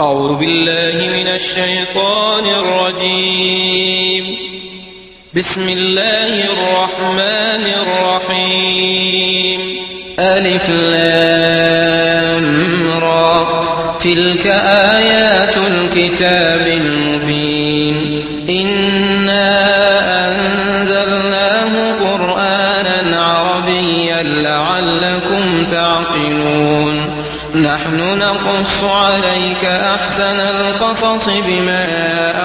أعوذ بالله من الشيطان الرجيم بسم الله الرحمن الرحيم ألف لام را تلك آيات الكتاب المبين إن نقص عليك أحسن القصص بما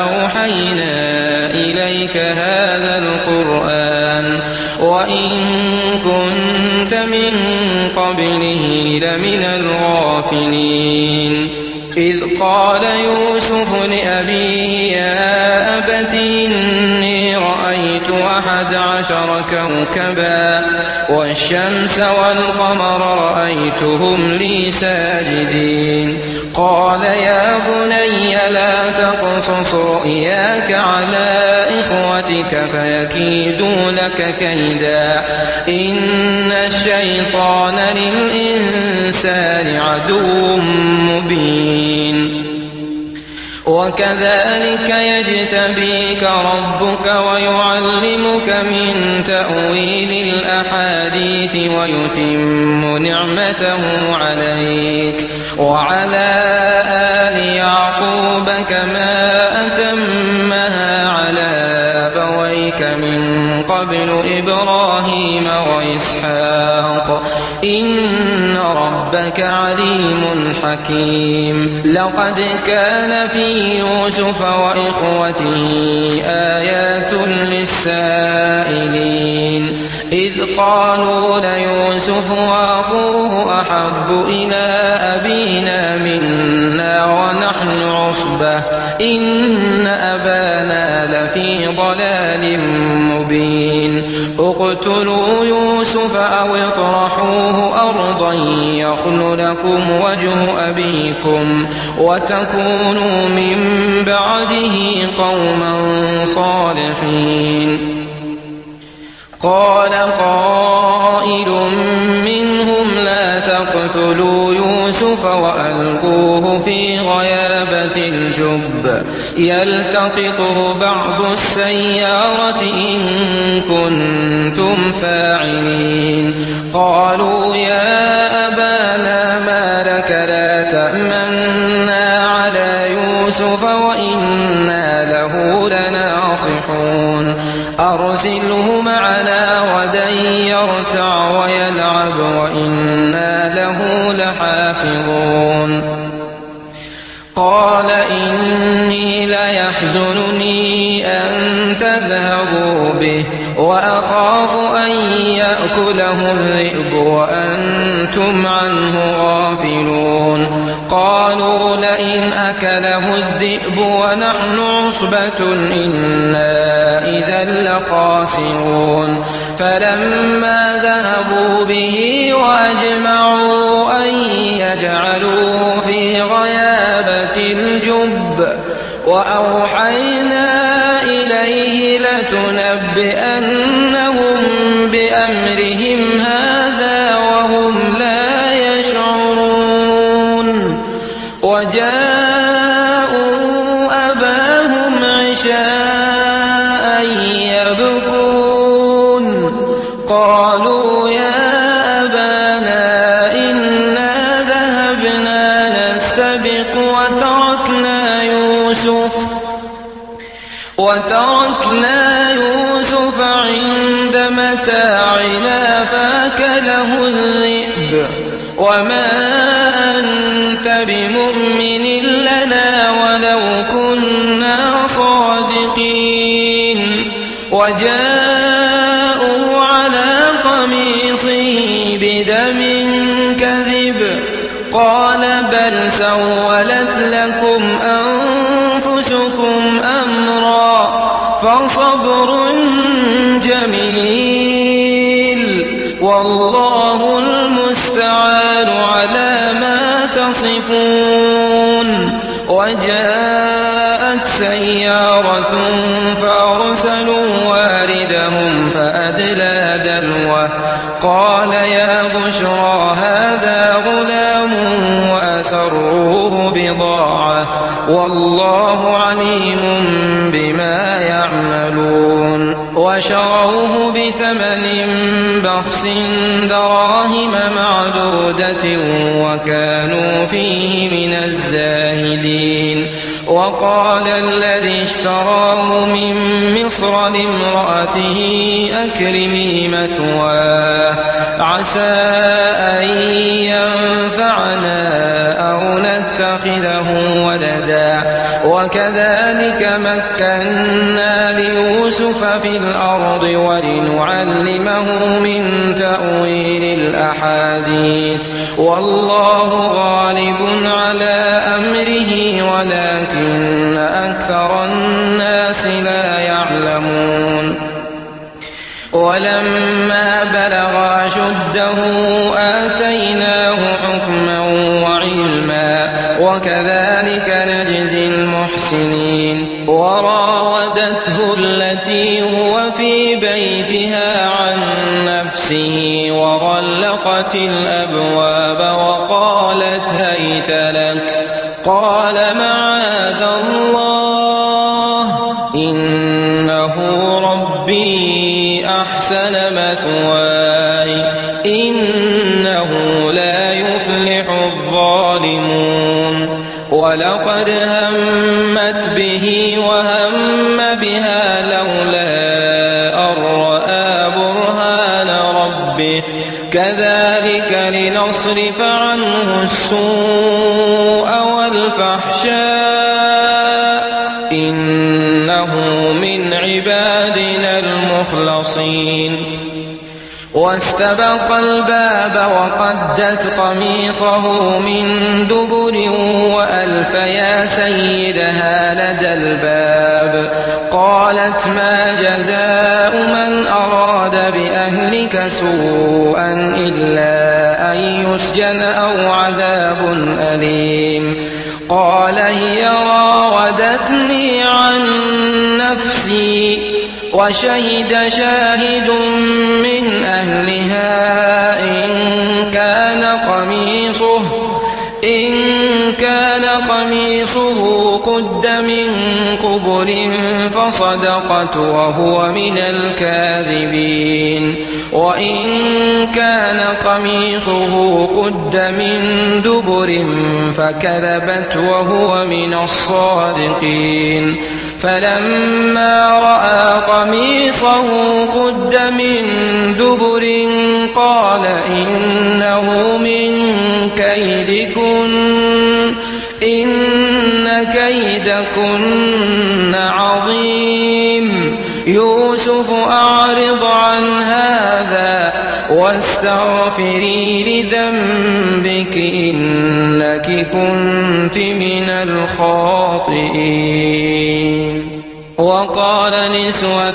أوحينا إليك هذا القرآن وإن كنت من قبله لمن الغافلين إذ قال يوسف لأبيه يا عشر كوكبا والشمس والقمر رأيتهم لي ساجدين قال يا بني لا تقصص رؤياك على إخوتك فيكيدوا لك كيدا إن الشيطان للإنسان عدو وكذلك يجتبيك ربك ويعلمك من تأويل الأحاديث ويتم نعمته عليك وعلى آل يعقوب كما أتمها على أبويك من قبل إبراهيم وإسحاق إن ربك عليم حكيم لقد كان في يوسف وإخوته آيات للسائلين إذ قالوا ليوسف وأخوه أحب إلى أبينا منا ونحن عصبة إن أبانا لفي ضلال مبين اقتلوا يوسف أو اطرحوه أن يخل لكم وجه أبيكم وتكونوا من بعده قوما صالحين قال قائل منهم لا تقتلوا يوسف وألقوه في غيابة الجب يلتقطه بعض السيارة إن كنتم فاعلين قالوا يا أرسله معنا غدا يرتع ويلعب وإنا له لحافظون قال إني ليحزنني أن تذهبوا به وأخاف أن يأكله الذئب وأنتم عنه غافلون قالوا لئن أكله الذئب ونحن عصبة إنا لخاسرون فلما ذهبوا به واجمعوا أن يجعلوه في غيابة الجب وأوحينا إليه لتنبئن وما أنت بمؤمن لنا ولو كنا صادقين وجاء والله عليم بما يعملون وشروه بثمن بخس دراهم معدودة وكانوا فيه من الزاهدين وقال الذي اشتراه من مصر لامرأته أكرمي مثواه عسى أن ينفعنا وكذلك مكنا ليوسف في الأرض ولنعلمه من تأويل الأحاديث والله غالب على أمره ولكن أكثر الناس لا يعلمون ولما بلغ أشده وراودته التي هو في بيتها عن نفسه وغلقت الأبواب وقالت هيت لك قال ما واصرف عنه السوء والفحشاء إنه من عبادنا المخلصين واستبق الباب وقدت قميصه من دبر وألف يا سيدها لدى الباب قالت ما جزاء من أراد بأهلك سوءا إلا أن يسجن أو عذاب أليم قال هي راودتني عن نفسي وشهد شاهد من أهلها الصدقة وهو من الكاذبين وإن كان قميصه قد من دبر فكذبت وهو من الصادقين فلما رأى قميصه قد من دبر قال إنه من كيدكن واستغفري لذنبك إنك كنت من الخاطئين وقال نسوة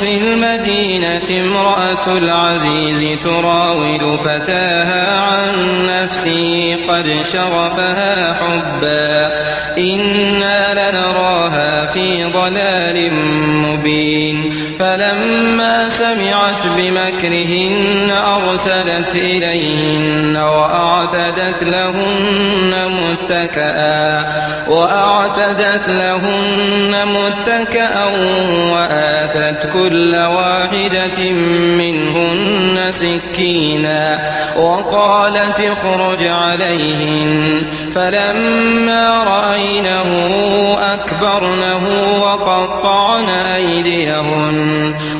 في المدينة امرأة العزيز تراود فتاها عن نفسي قد شرفها حبا إنا لنراها في ضلال مبين فلما سمعت بمكرهن أرسلت إليهن وأعتدت لهن متكأ وأعتدت لهن متكأ وآتت كل واحدة منهن سكينا وقالت اخرج عليهن فلما رأينه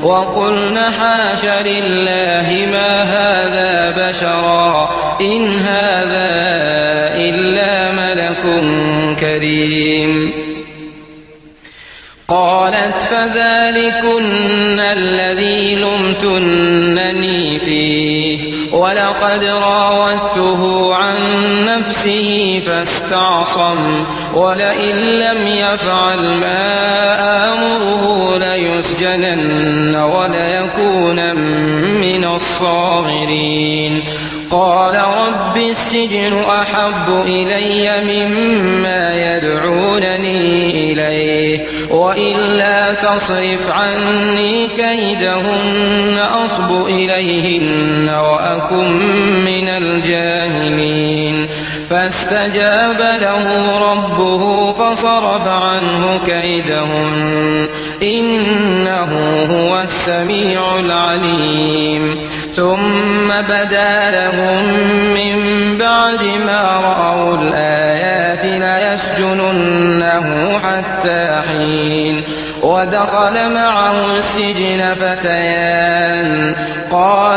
وقلنا حاش لله ما هذا بشرا إن هذا إلا ملك كريم قالت فذلكن الذي لمتنني فيه ولقد راودته عن نفسه فاستعصم ولئن لم يفعل ما آمره ليسجنن وليكون من الصاغرين قال رب السجن أحب إلي مما يدعونني إليه وإلا تصرف عني كيدهن أصب إليهن وأكن من الجاهلين فاستجاب له ربه فصرف عنه كيدهن إنه هو السميع العليم ثم بدا لهم من بعد ما رأوا الآيات ليسجننه حتى حين ودخل معه السجن فتيان قال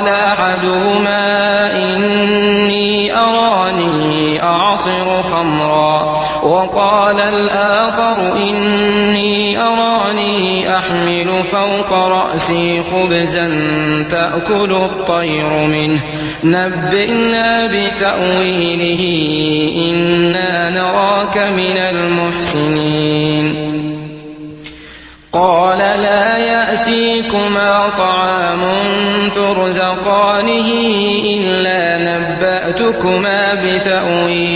وقال الآخر إني أراني أحمل فوق رأسي خبزا تأكل الطير منه نبئنا بتأويله إنا نراك من المحسنين قال لا يأتيكما طعام ترزقانه إلا نبأتكما بتأويله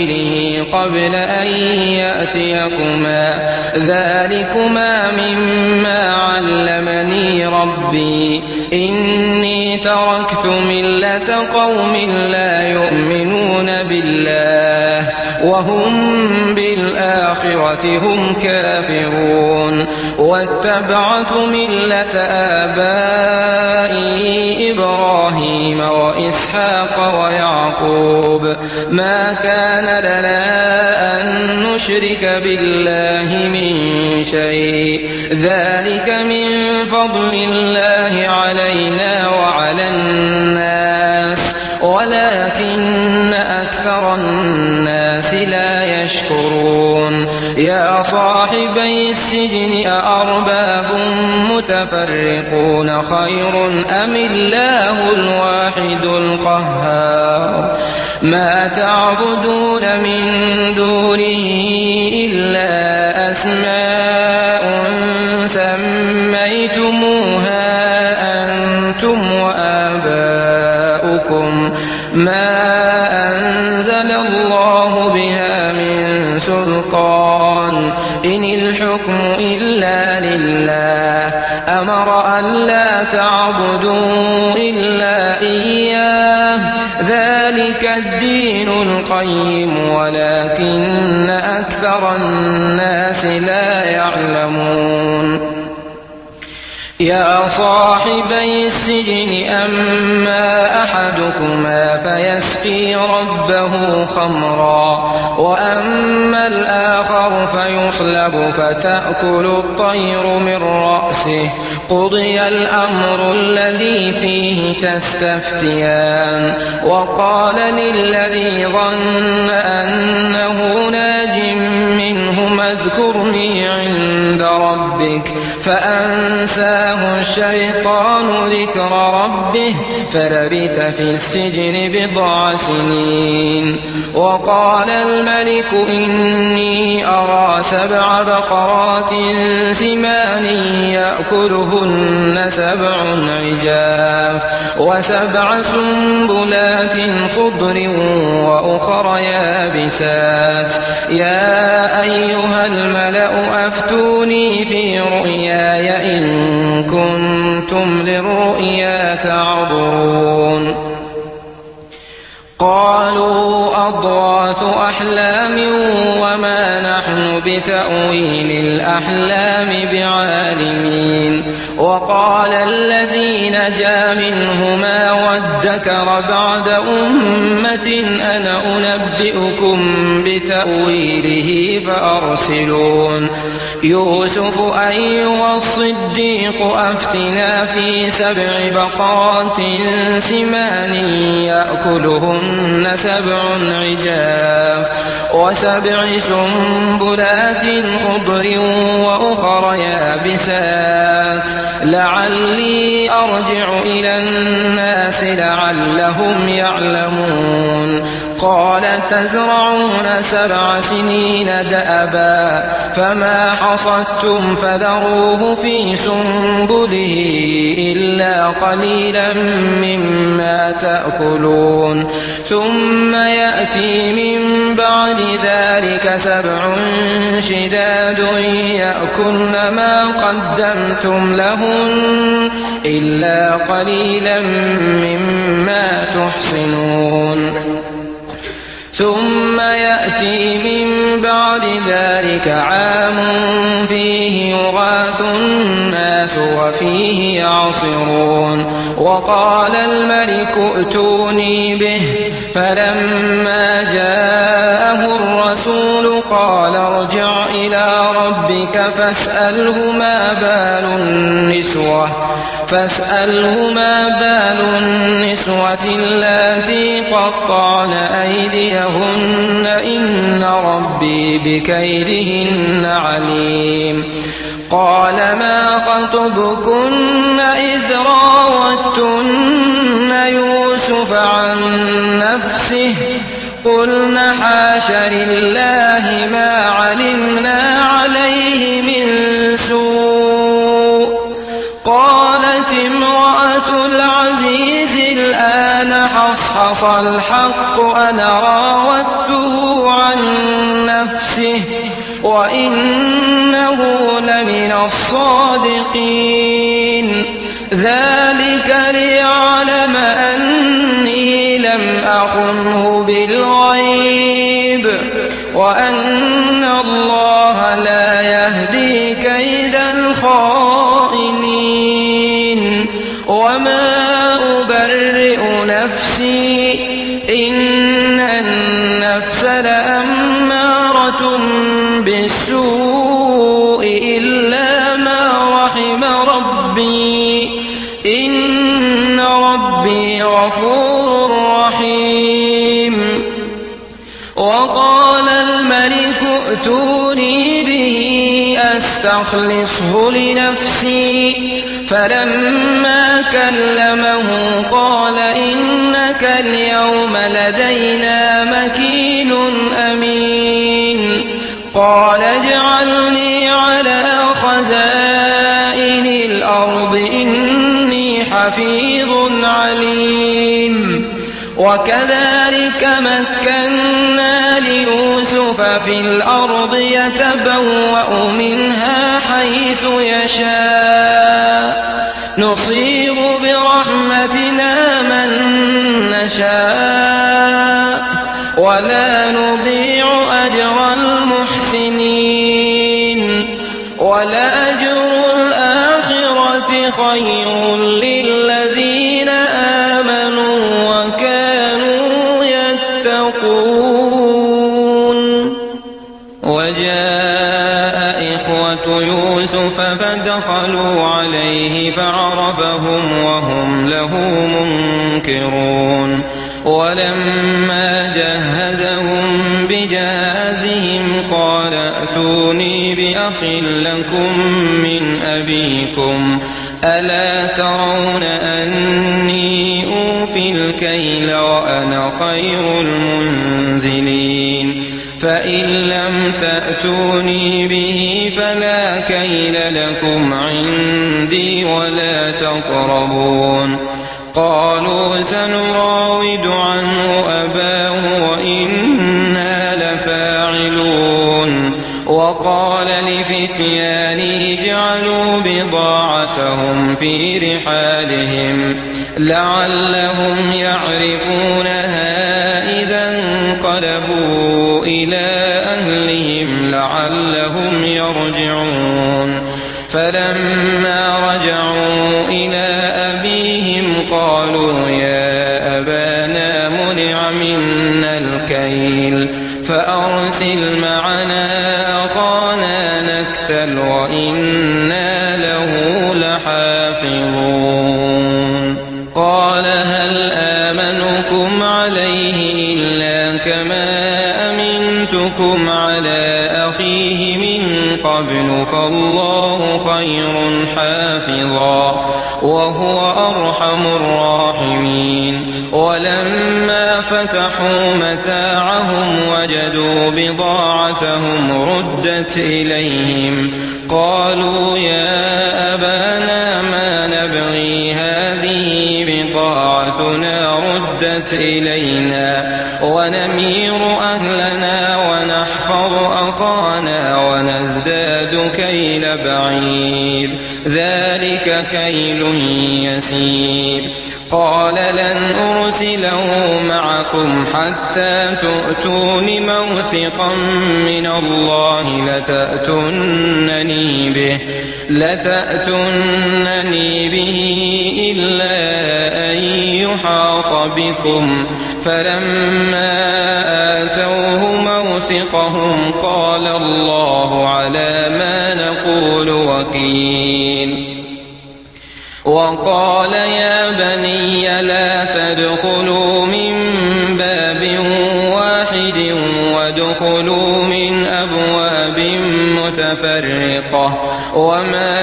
قبل أن يأتيكما ذلكما مما علمني ربي إني تركت ملة قوم لا يؤمنون بالله وهم بالآخرة هم كافرون واتبعت ملة آبائي إبراهيم وإسحاق ويعقوب ما كان لنا أن نشرك بالله من شيء ذلك من فضل الله علينا وعلى الناس ولكن أكثر الناس لا يشكرون يا صاحبي السجن أأرباب متفرقون خير أم الله الواحد الواحد القهار ما تعبدون من القيم ولكن أكثر الناس لا يعلمون يا صاحبي السجن أما أحدكما فيسقي ربه خمرا وأما الآخر فيصلب فتأكل الطير من رأسه قضي الأمر الذي فيه تستفتيان وقال للذي ظن أنه ناجٍ فأنساه الشيطان ذكر ربه فلبث في السجن بضع سنين وقال الملك إني أرى سبع بقرات سمان يأكلهن سبع عجاف وسبع سنبلات خضر وأخر يابسات يا أيها تأويل الأحلام بعالمين وقال الذي نجا منهما وادكر بعد أمة أنا أنبئكم بتأويله فأرسلون يوسف أيها الصديق أفتنا في سبع بقرات سمان يأكلهن سبع عجاف وسبع سنبلات خضر وأخر يابسات لعلي أرجع إلى الناس لعلهم يعلمون قال تزرعون سبع سنين دأبا فما حصدتم فذروه في سنبله إلا قليلا مما تأكلون ثم يأتي من بعد ذلك سبع شداد يأكلن ما قدمتم لهن إلا قليلا مما تحصنون ثم يأتي من بعد ذلك عام فيه يغاث الناس وفيه يعصرون وقال الملك ائتوني به فلما جاءه الرسول قال ارجع إلى ربك فاسأله ما بال النسوة فاسألهما بال النسوة اللاتي قطعن أيديهن إن ربي بكيدهن عليم قال ما خطبكن إذ راوتن يوسف عن نفسه قلن حاش لله ¡Oh! إن ربي غفور رحيم وقال الملك ائتوني به أستخلصه لنفسي فلما كلمه قال إنك اليوم لدينا مكين أمين قال حفيظ عليم وكذلك مكنا ليوسف في الأرض يتبوأ منها حيث يشاء فدخلوا عليه فعرفهم وهم له منكرون ولما جهزهم بجهازهم قال ائتوني بأخ لكم من أبيكم ألا ترون أني أوفي الكيل وأنا خير المنزلين فإن لم تأتوني به فلا قيل لكم عندي ولا تقربون قالوا سنراود عنه أباه وإنا لفاعلون وقال لفتيانه اجعلوا بضاعتهم في رحالهم لعلهم يعرفونها إذا انقلبوا إلى أهلهم لعلهم يرجعون فلما رجعوا إلى أبيهم قالوا يا أبانا منع منا الكيل فأرسل معنا أخانا نكتل وإنا له لحافظون قال هل آمنكم عليه إلا كما أمنتكم قبل فالله خير حافظا وهو أرحم الراحمين ولما فتحوا متاعهم وجدوا بضاعتهم ردت إليهم قالوا يا أبانا ما نبغي هذه بضاعتنا ردت إلينا ونمير أهلنا كيل بعير ذلك كيل يسير قال لن أرسله معكم حتى تؤتون موثقا من الله لتأتونني به لتأتونني به إلا أن يحاط بكم فلما آتوه موثقهم قال الله على الظالمين وقال يا بني لا تدخلوا من باب واحد وادخلوا من أبواب متفرقة وما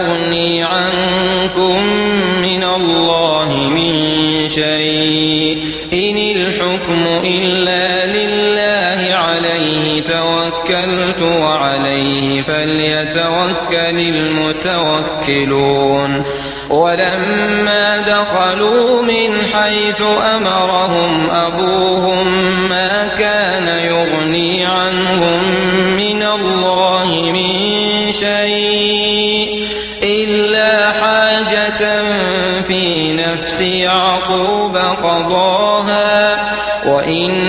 أغني عنه وعليه فليتوكل المتوكلون ولما دخلوا من حيث أمرهم أبوهم ما كان يغني عنهم من الله من شيء إلا حاجة في نفس يعقوب قضاها وإن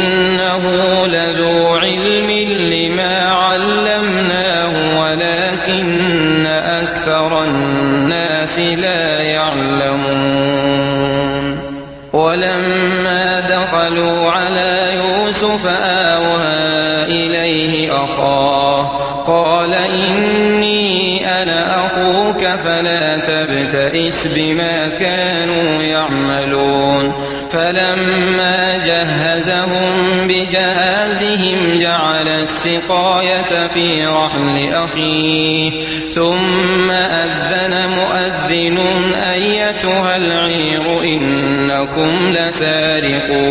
أخاه قال إني أنا أخوك فلا تبتئس بما كانوا يعملون فلما جهزهم بجهازهم جعل السقاية في رحل أخيه ثم أذن مؤذن أيتها العير إنكم لسارقون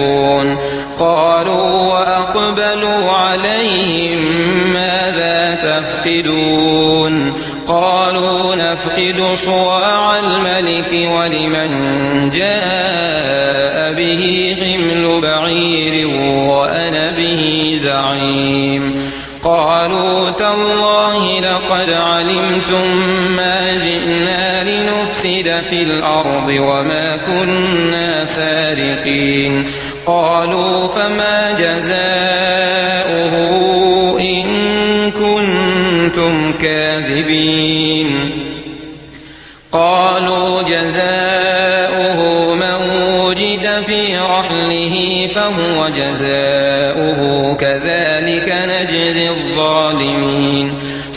في الأرض وما كنا سارقين قالوا فما جزاؤه إن كنتم كاذبين قالوا جزاؤه من وجد في رحله فهو جزاؤه كذلك نجزي الظالمين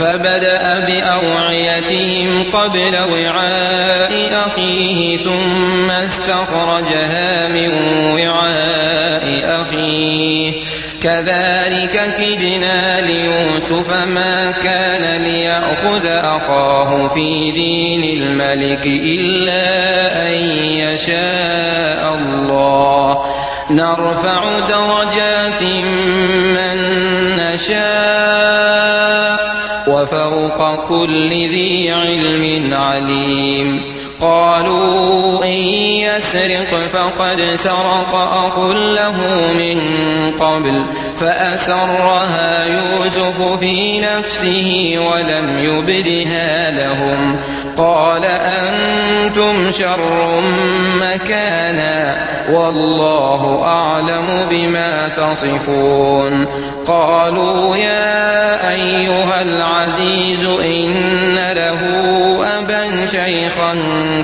فبدأ بأوعيتهم قبل وعاء أخيه ثم استخرجها من وعاء أخيه كذلك كدنا ليوسف ما كان ليأخذ أخاه في دين الملك إلا أن يشاء الله نرفع درجات من نشاء كل ذي علم عليم قالوا إن يسرق فقد سرق أخ له من قبل فأسرها يوسف في نفسه ولم يبدها لهم قال أنتم شر مكانا والله أعلم بما تصفون قالوا يا أيها العزيز إن له أبا شيخا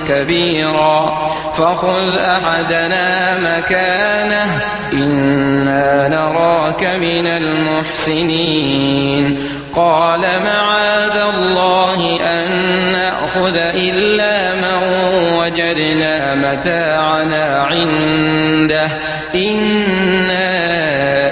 كبيرا فخذ أحدنا مكانه إنا نراك من المحسنين قال معاذ الله أن نأخذ إلا وجدنا متاعنا عنده إنا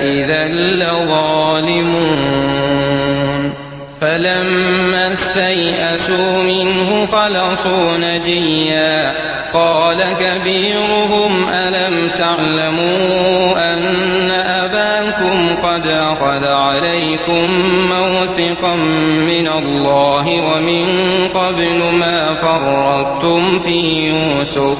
إذا لظالمون فلما استيئسوا منه خلصوا نجيا قال كبيرهم ألم تعلموا أن أباكم قد أخذ عليكم موثقا من الله ومن أَرَدتُّمْ فِي يُوسُفَ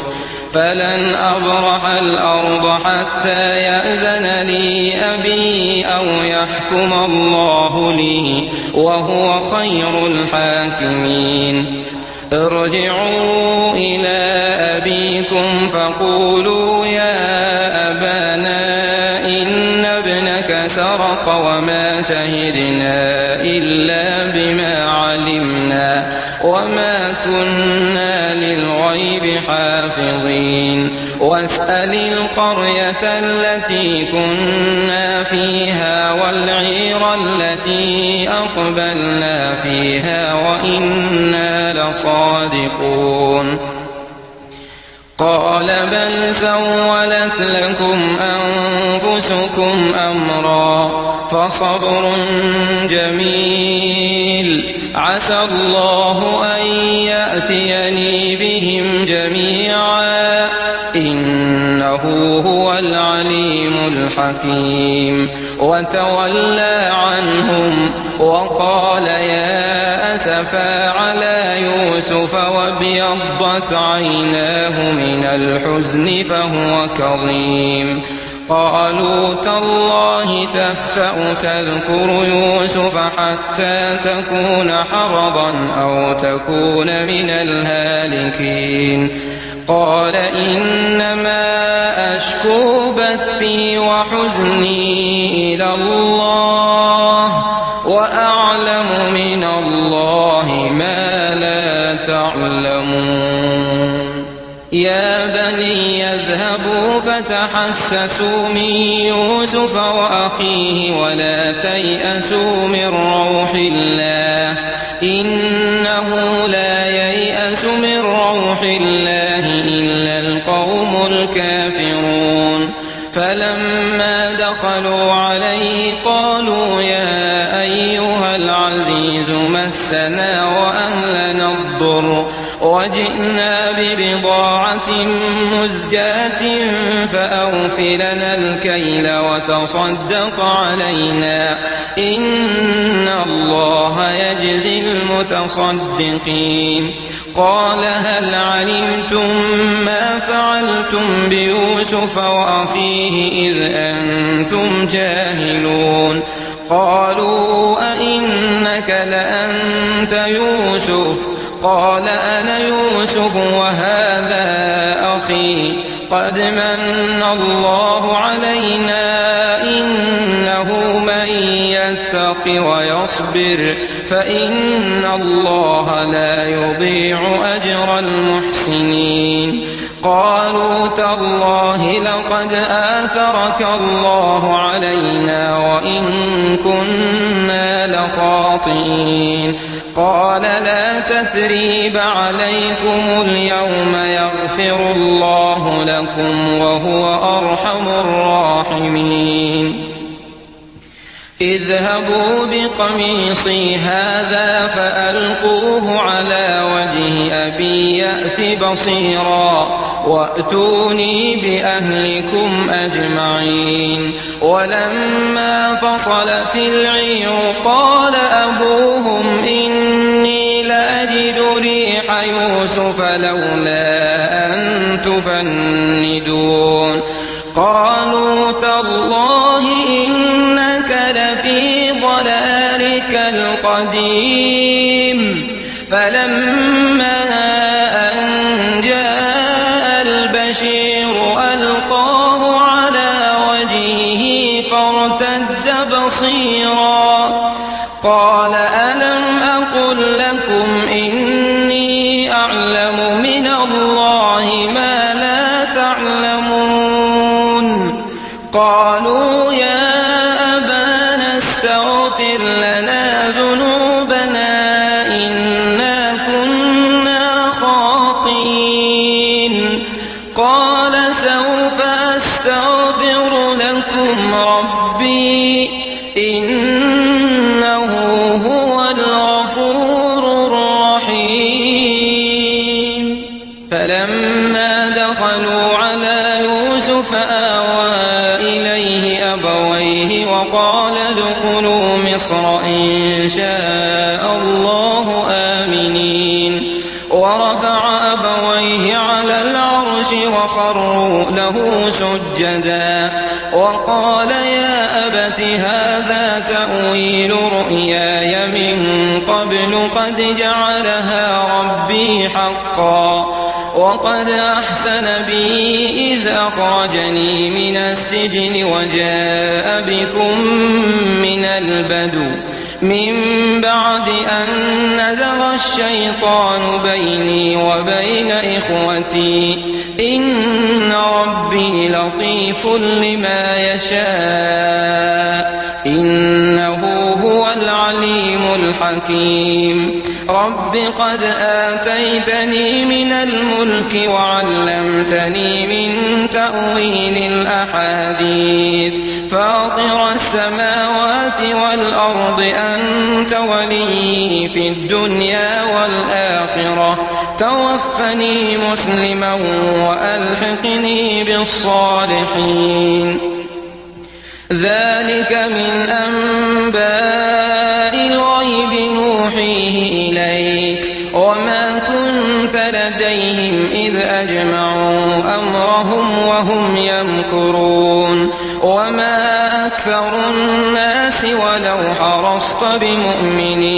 فَلَنْ أَبْرَحَ الْأَرْضَ حَتَّى يَأْذَنَ لِي أَبِي أَوْ يَحْكُمَ اللَّهُ لِي وَهُوَ خَيْرُ الْحَاكِمِينَ ارْجِعُوا إِلَى أَبِيكُمْ فَقُولُوا يَا أَبَانَا إِنَّ ابْنَكَ سَرَقَ وَمَا شَهِدْنَا إِلَّا واسأل القرية التي كنا فيها والعير التي أقبلنا فيها وإنا لصادقون قال بل سولت لكم أنفسكم أمرا فصبر جميل عسى الله أن يأتيني الحكيم وتولى عنهم وقال يا أسفا على يوسف وابيضت عيناه من الحزن فهو كظيم قالوا تالله تفتأ تذكر يوسف حتى تكون حرضا أو تكون من الهالكين قال إنما أشكو بثي وحزني إلى الله وأعلم من الله ما لا تعلمون يا بني اذهبوا فتحسسوا من يوسف وأخيه ولا تيأسوا من رب زكاة فأوف لنا الكيل وتصدق علينا إن الله يجزي المتصدقين قال هل علمتم ما فعلتم بيوسف وأخيه إذ أنتم جاهلون قالوا أئنك لأنت يوسف قال أنا يوسف وهذا أخي قد من الله علينا إنه من يتق ويصبر فإن الله لا يضيع أجر المحسنين قالوا تالله لقد آثرك الله علينا وإن كنا لخاطئين قال تثريب عليكم اليوم يغفر الله لكم وهو أرحم الراحمين اذهبوا بقميصي هذا فألقوه على وجه أبي يأت بصيرا وأتوني بأهلكم أجمعين ولما فصلت العير قال يوسف لولا أن تفندون قالوا تالله إنك لفي ضلالك القديم فلما سجدا وقال يا أبت هذا تأويل رؤياي من قبل قد جعلها ربي حقا وقد أحسن بي إذ أخرجني من السجن وجاء بكم من البدو من الشيطان بيني وبين إخوتي إن ربي لطيف لما يشاء إنه هو العليم الحكيم رب قد آتيتني من الملك وعلمتني من تأويل الأحاديث فاطر السماوات والأرض أنت ولي في الدنيا توفني مسلما والحقني بالصالحين ذلك من انباء الغيب نوحيه اليك وما كنت لديهم اذ اجمعوا امرهم وهم يمكرون وما اكثر الناس ولو حرصت بمؤمنين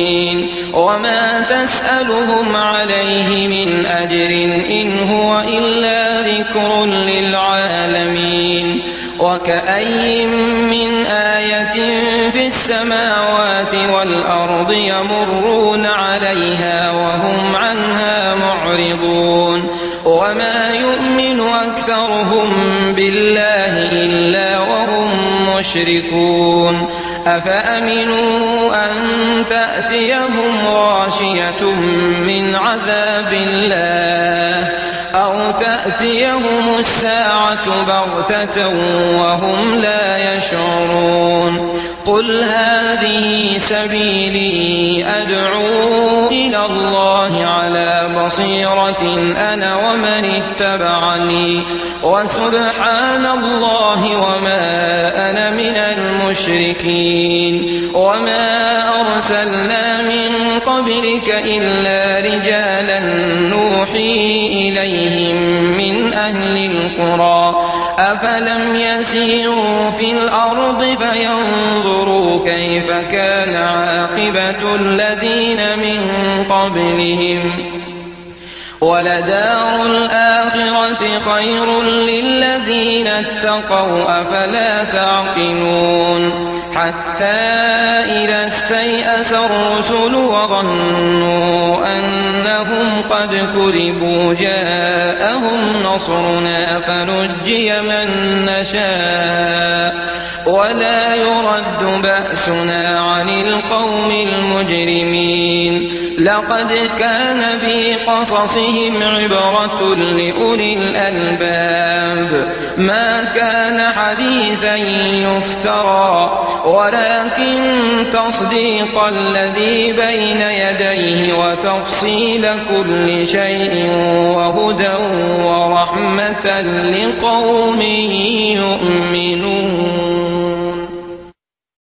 العالمين وكأي من آية في السماوات والأرض يمرون عليها وهم عنها معرضون وما يؤمن أكثرهم بالله إلا وهم مشركون أفأمنوا أن تأتيهم غاشية من عذاب الله تأتيهم الساعة بغتة وهم لا يشعرون قل هذه سبيلي أدعو إلى الله على بصيرة أنا ومن اتبعني وسبحان الله وما أنا من المشركين وما أرسلنا من قبلك إلا في الأرض فينظروا كيف كان عاقبة الذين من قبلهم ولدار الآخرة خير للذين اتقوا أفلا تعقلون حتى إذا استيأس الرسل وظنوا أنهم قد كذبوا جاءهم نصرنا فنجي من نشاء ولا يرد بأسنا عن القوم المجرمين لقد كان في قصصهم عبرة لأولي الألباب ما كان حديثا يفترى ولكن تصديق الذي بين يديه وتفصيل كل شيء وهدى ورحمة لقوم يؤمنون